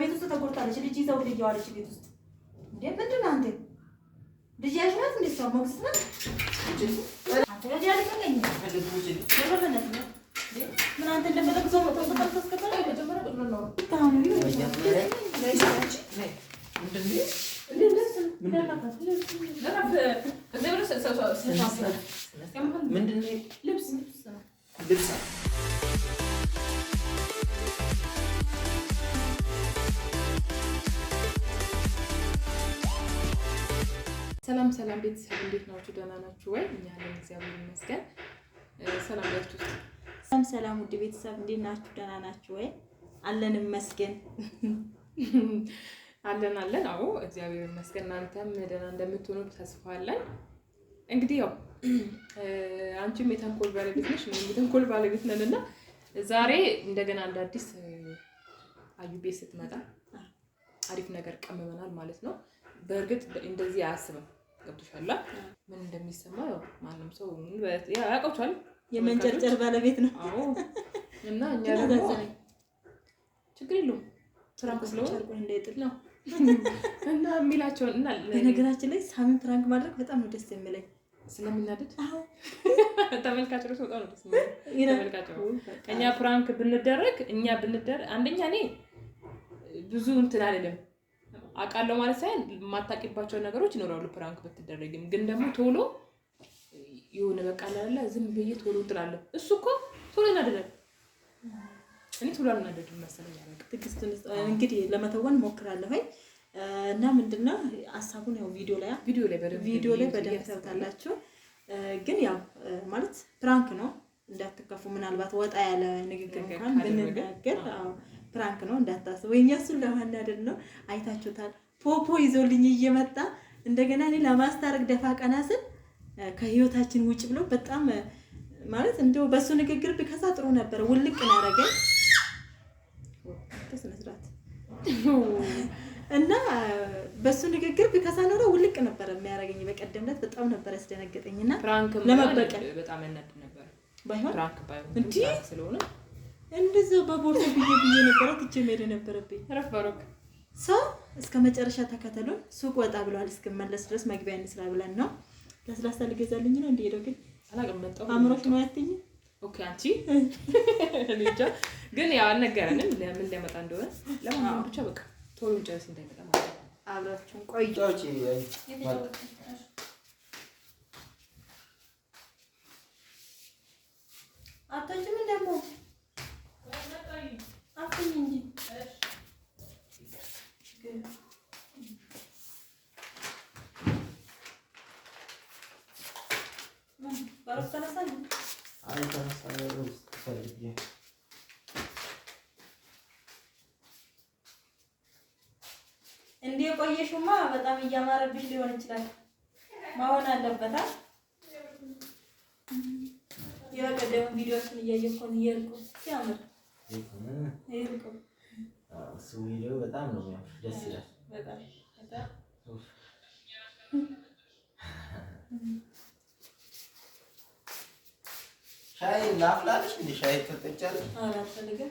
ቤት ውስጥ ተጎድታለች። ልጅ ይዘው ልየዋለች። ቤት ውስጥ እንዴ ምንድን ነው አንተ? ልጅ ያሽናት እንዴ? ሰው ሞክስ ነው አንተ ልጅ ያልከኝ ምን አንተ ልብስ ሰላም ሰላም ቤተሰብ እንዴት ናችሁ? ደህና ናችሁ ወይ? እኛ አለን እግዚአብሔር ይመስገን። ሰላም ያችሁ። ሰላም ሰላም ውድ ቤተሰብ እንዴት ናችሁ? ደህና ናችሁ ወይ? አለን ይመስገን። አለን አለን። አዎ እግዚአብሔር ይመስገን። እናንተም ደህና እንደምትሆኑ ተስፋ አለን። እንግዲህ ያው አንቺም የተንኮል ባለቤት ነሽ፣ የተንኮል ባለቤት ነን እና ዛሬ እንደገና እንደ አዲስ አዩ ቤት ስትመጣ አሪፍ ነገር ቀምመናል ማለት ነው። በእርግጥ እንደዚህ አያስብም። ገብቶሻል? ምን እንደሚሰማ ያው ማንም ሰው ያውቀውቻል። የመንጨርጨር ባለቤት ነው አዎ እና እኛ ደግሞ ችግር የለውም ፕራንክ ስለሆነ እንዳይጥል ነው እና የሚላቸውን እና በነገራችን ላይ ሳሚን ፕራንክ ማድረግ በጣም ነው ደስ የሚለኝ ስለምናደድ ተመልካች ነው በጣም ደስ ተመልካች እኛ ፕራንክ ብንደረግ እኛ ብንደረግ አንደኛ እኔ ብዙ እንትን አይደለም አውቃለሁ ማለት ሳይሆን የማታውቂባቸው ነገሮች ይኖራሉ። ፕራንክ ብትደረግም ግን ደግሞ ቶሎ የሆነ በቃ ላለ ዝም ብዬ ቶሎ ትላለህ። እሱ እኮ ቶሎ እናደዳል። እኔ ቶሎ አልናደድም መሰለኝ። ትግስት እንግዲህ ለመተወን ሞክራለሁ። እና ምንድነው ሀሳቡን ያው ቪዲዮ ላይ ቪዲዮ ላይ ቪዲዮ ላይ በደንብ ታውቃላችሁ። ግን ያው ማለት ፕራንክ ነው እንዳትከፉ። ምናልባት ወጣ ያለ ንግግር እንኳን ብንናገር ፕራንክ ነው እንዳታስቡ። የእኛ እሱን ለማናደድ ነው። አይታችሁታል። ፖፖ ይዞልኝ እየመጣ እንደገና እኔ ለማስታረቅ ደፋ ቀና ስል ከህይወታችን ውጭ ብሎ በጣም ማለት እንደው በእሱ ንግግር ብከዛ ጥሩ ነበረ። ውልቅ ናረገኝ ስነስርዓት እና በእሱ ንግግር ቢከሳ ኖሮ ውልቅ ነበረ የሚያደርገኝ። በቀደምነት በጣም ነበር ያስደነገጠኝ እና ለመበቀል በጣም ያናድድ ነበር። ባይሆን እንዲህ ስለሆነ እንደዛ በቦርቶ ብዬ ብዬ ነበረ ትቼ መሄድ ነበረብኝ። ረፈሮክ ሰው እስከ መጨረሻ ተከተሉን። ሱቅ ወጣ ብለዋል። እስክመለስ ድረስ መግቢያ እንስራ ብለን ነው። ለስላሳ ልገዛልኝ ነው እንደሄደው ግን አምሮች ነው ያትኝ ኦኬ አንቺ ልጃ ግን ያው አልነገረንም ለምን ሊያመጣ እንደሆነ ለማንኛውም ብቻ በቃ ቶሎ ጨርስ እንዳይመጣ ማለት ነው። አብራችሁን ቆይ እንዲህ ቆየሽማ በጣም እያማረብሽ ሊሆን ይችላል። መሆን አለበታ። የቀደሙ ቪዲዮችን እያየሁ እኮ ሲያምር እሱ ቪዲዮ በጣም ነው የሚያምር፣ ደስ ይላል። ሻይ ላፍላለሽ? እንደ ሻይ ትጠጫለሽ? አላስፈልግም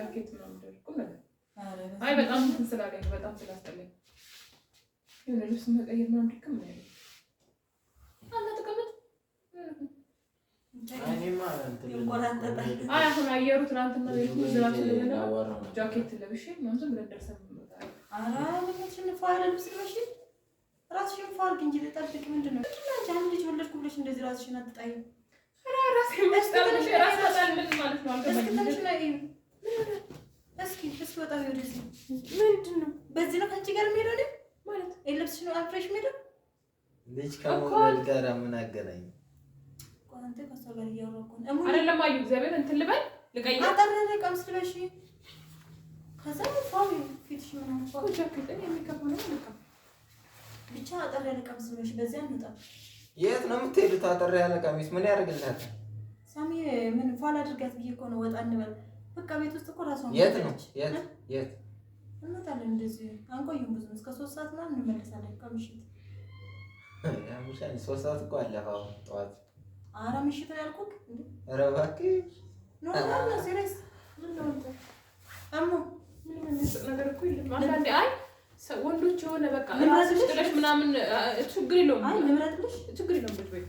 ጃኬት ነው ደርቆ ማለት አይ በጣም እንትን ስላለኝ በጣም ስላስጠላኝ የሆነ ልብስ መቀየር ምናምን ድክም ነው ያለኝ። አይ አሁን አየሩ ትናንትና ዝናብ ስለሆነ ጃኬት ለብሼ ምናምን ብለን ደርሰን አንድ ልጅ እንደዚህ አትጣይም። ሲወጣ ወደዚህ ምንድን ነው? በዚህ ነው ከአንቺ ጋር የሚሄደው አይደል? ማለት የልብስሽ ነው አፍረሽ የሚሄደው ልጅ ከመውለድ ጋር ምን አገናኝ? አንተ ጋር እያወራሁ ነው አይደለም። እግዚአብሔር እንትን ልበል አጠረረ ቀምስ ልበሽ ከዛ ፋሚ ፊትሽ ብቻ አጠር በዚያ የት ነው የምትሄዱት? አጠር ያለ ቀሚስ ምን ያደርግልናል? ሳሚ ምን ፋል አድርጋት ብዬ እኮ ነው ወጣ እንበል በቃ ቤት ውስጥ እኮ ራሱ የት ነው የት እንመጣለን። እንደዚህ አንቆይም ብዙ እስከ ሶስት ሰዓት ምናምን እንመለሳለን። ከምሽት ሶስት ሰዓት እኮ አለ። ጠዋት ኧረ ምሽት ነው ያልኩት። ኧረ እባክህ ሲሪየስ ነገር እኮ የለም። አንዳንዴ ወንዶች የሆነ በቃ ምናምን ችግር የለውም ችግር የለውም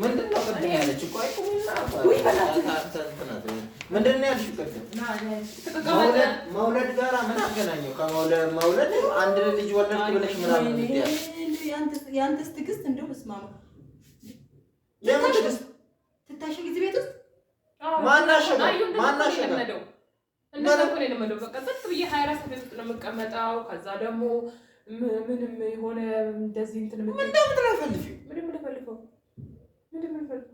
ምንድን ነው ቅድም ያለች እኮ ምንድን ነው ያልሽው? ቅድም መውለድ ጋር ምን አገናኘው? ከመውለድ አንድ ልጅ ወለድ ብለሽ ምናምን የአንተስ ትዕግስት እንደው እስማ ትታሽ ጊዜ ቤት ውስጥ ማናሸማናሸለመደው እንደዛ እኮ ነው የለመደው። በቃ ጸጥ ብዬ ሀያ አራት ቤት ውስጥ ነው የምቀመጠው። ከዛ ደግሞ ምንም የሆነ እንደዚህ እንትን ምንደምትላፈልፊ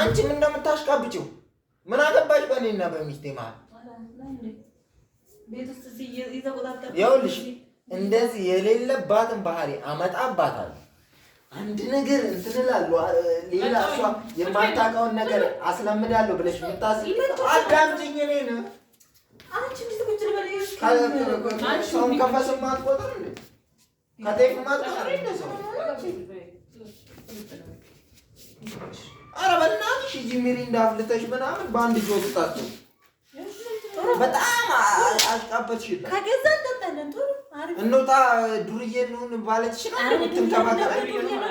አንቺም እንደምታሽቃብጪው ምን አገባሽ በእኔና በሚስቴ መሀል? ይኸውልሽ እንደዚህ የሌለባትን ባህሪ አመጣባታለሁ። አንድ ነገር እንትን እላለሁ፣ ሌላ እሷ የማታውቀውን ነገር አስለምዳለሁ ብለሽ የምታስብ አዳምጪኝ። እኔን ሰውን ከፈስም አትቆጥር፣ ከጤፍም አትቆጥር ሰው ኧረ በእናትሽ ሂጂ ሚሪንዳ አፍልተሽ ምናምን በአንድ ጆ ወጣችሁ በጣም አስቃበትሽ። ከገዛ እንጠጣለን። እንውጣ፣ ዱርዬ እንሁን ባለችሽ ነው የምትንከባከበው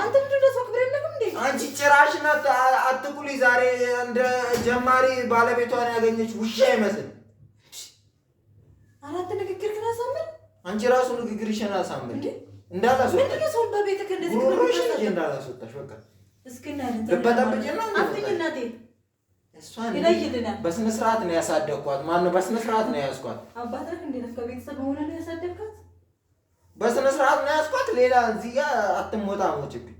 አንተ ምንድን ነው ሰው ክብር የለህም እንዴ? አንቺ ጭራሽ ናት። አትቁሊ። ዛሬ እንደ ጀማሪ ባለቤቷን ያገኘች ውሻ ይመስል አራት ንግግር ግን አሳምር። አንቺ ራሱ ንግግርሽን አሳምር። በስነ ስርዓት ነው ያሳደግኳት። ማነው በስነ ስርዓት ነው የያዝኳት። አባትህ እንዴት ከቤተሰብ ሆነ ነው ያሳደግኳት በስነ ስርዓት ነው ያስኳት። ሌላ እዚህ ጋር አትሞታ ሞችብኝ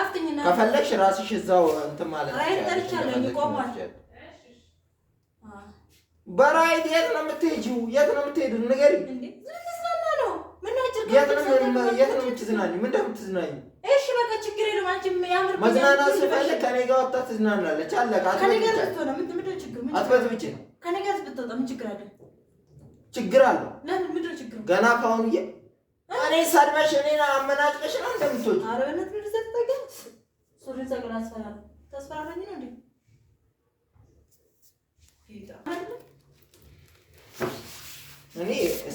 አፍትኝና ከፈለግሽ ራስሽ እዛው እንትን ማለት ነው። ራይድ ጠርቻለሁ ይቆማል። በራይት የት ነው የምትሄጂው? የት ነው የምትሄዱ? ንገሪ። የት ነው የምትዝናኝ? ምን እንደምትዝናኝ እሺ፣ በቃ ችግር የለም። አንቺ ያምር መዝናናት ስፈልግ ከኔ ጋር ወጣ ትዝናናለች። አለቃ አትበት ብቻ ከኔ ጋር ብትወጣ ምን ችግር አለ? ችግር አለ። ገና ከአሁኑ እኔ ሰድበሽ እኔን አመናጭቀሽ ነው እንደምትወጪ። ኧረ በእናትህ ነው ልዘግ ታገኝ ሱሪ ጸጉር አስፈራ ታስፈራራኝ ነው እንዴ? እኔ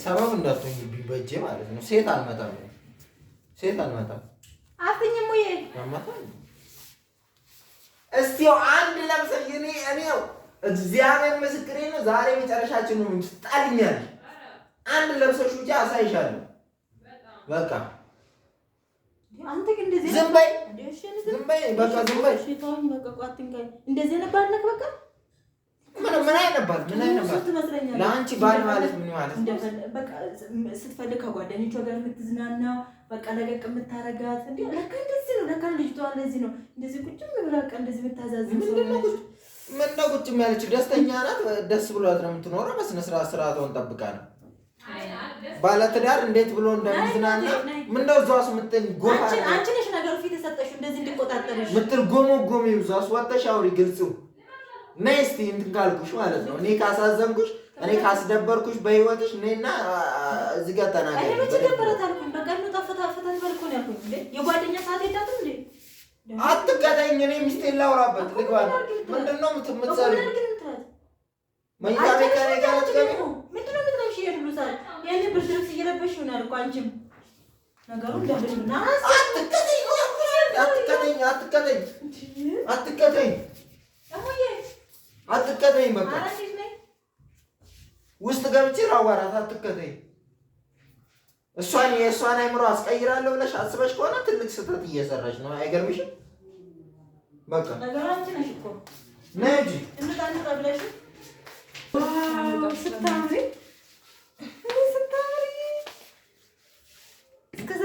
ሰበብ እንዳትሆኝብኝ በእጄ ማለት ነው። ሴት አልመጣም፣ ሴት አልመጣም። አትኝም ወይ አልመጣም። እስቲ አንድ ለምሳሌ እኔ እኔው እግዚአብሔር ምስክሬ ነው። ዛሬ መጨረሻችን ነው። ምትጣልኛል። አንድ ለብሰሽ ውጪ አሳይሻለሁ በቃ አንተ ግን እንደዚህ ዝም በይ፣ ዝም በይ፣ ለአንቺ ባል ማለት ምን ማለት ስትፈልግ ከጓደኞቿ ጋር የምትዝናና በቃ ለቀቅ የምታረጋት እንዴ ለካ እንደዚህ ነው። ለካ ልጅቷ እንደዚህ ነው። እንደዚህ ቁጭ እንደዚህ ምን ነው ቁጭ ደስተኛ ናት። ደስ ብሏት ነው የምትኖረው። በስነ ስርዓት ስርዓቷን ጠብቃ ነው ባለትዳር እንዴት ብሎ እንደሚዝናና ምነው እዛስ ምትል ጎፋ አንቺ አንቺ ነሽ ነገሩ ፊት የሰጠሽው እንደዚህ እንድቆጣጠርሽ ምትል ጎመጎሚ እዛስ ወጣሽ አውሪ ግልጽው ነይ እስኪ እንትን ካልኩሽ ማለት ነው እኔ ካሳዘንኩሽ እኔ ካስደበርኩሽ በህይወትሽ ነይና እዚህ ጋር ተናገር እኔ ብቻ ተበረታልኩኝ በቃ ነው ተፈታ ፈታን ነው ያልኩኝ እንዴ የጓደኛ ሰዓት የላትም እንዴ አትቀጠኝ እኔ ሚስቴን ላውራበት ልግባ ምንድነው የምትሰሪው መኝታ ቤት ከእኔ ጋር አትገቢም ምንድነው የት ብሎታል? ያኔ ብርድ ልብስ እየለበሽ ይሆናል እኮ አንቺም ነገሩ ውስጥ ገብቼ ላዋራት። አትቀጠኝ። እሷን የእሷን አይምሮ አስቀይራለሁ ብለሽ አስበሽ ከሆነ ትልቅ ስህተት እየሰራች ነው። አይገርምሽም? በቃ ነገራችንሽ እኮ ነጂ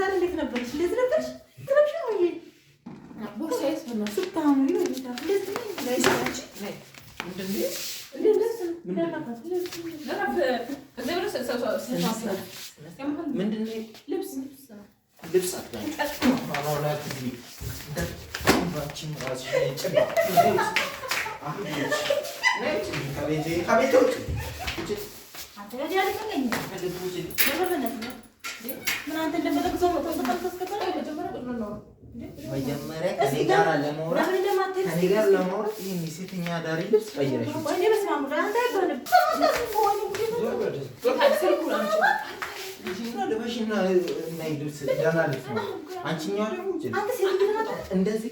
ዛሬ እንዴት ነበርሽ? እንደዚህ ነበርሽ? ልብስ መጀመሪያ ከኔ ጋር አንቺኛው ደግሞ እንደዚህ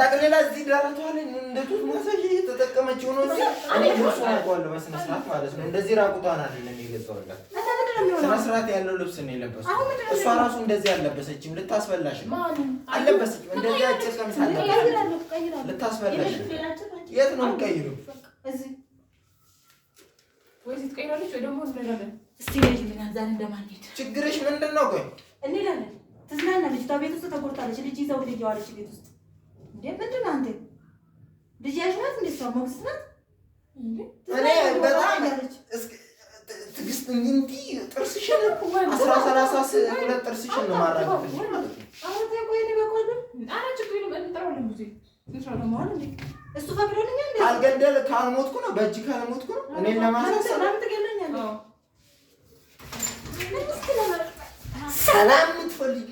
ጠቅልላ እዚህ ደረቷን እንደ ጡት እንደዚህ ራቁቷን አይደለም የገዛሁላት። ስነ ስርዓት ያለው ልብስ ነው የለበሱት። እሷ ራሱ እንደዚህ አልለበሰችም። ልታስበላሽ ነው። አልለበሰችም። እንደዚህ አጭር ቀሚስ ልታስበላሽ ነው። የት ነው የምትቀይሩ? ችግርሽ ምንድን ነው? ቆይ እንሄዳለን ትዝናናለች። ቤት ውስጥ ተጎድታለች። ልጅ ይዘው ልየዋለች ቤት ውስጥ እንዴ! ምንድን ነው አንተ ልጅ ያሽናት እንዴ? ሰው ሞግዚት ናት። ትዕግስት እንጂ ጥርስሽን አስራ ሰላሳ ሁለት ጥርስሽን ነው ማድረግ እሱ ፈቅዶልኛል። ካልገደል ካልሞትኩ ነው በእጅ ካልሞትኩ ነው እኔን ለማሳሰብ ሰላም የምትፈልጊ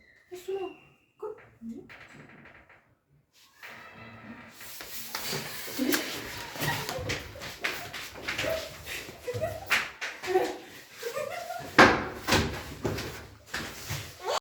他说：“哥，嗯。”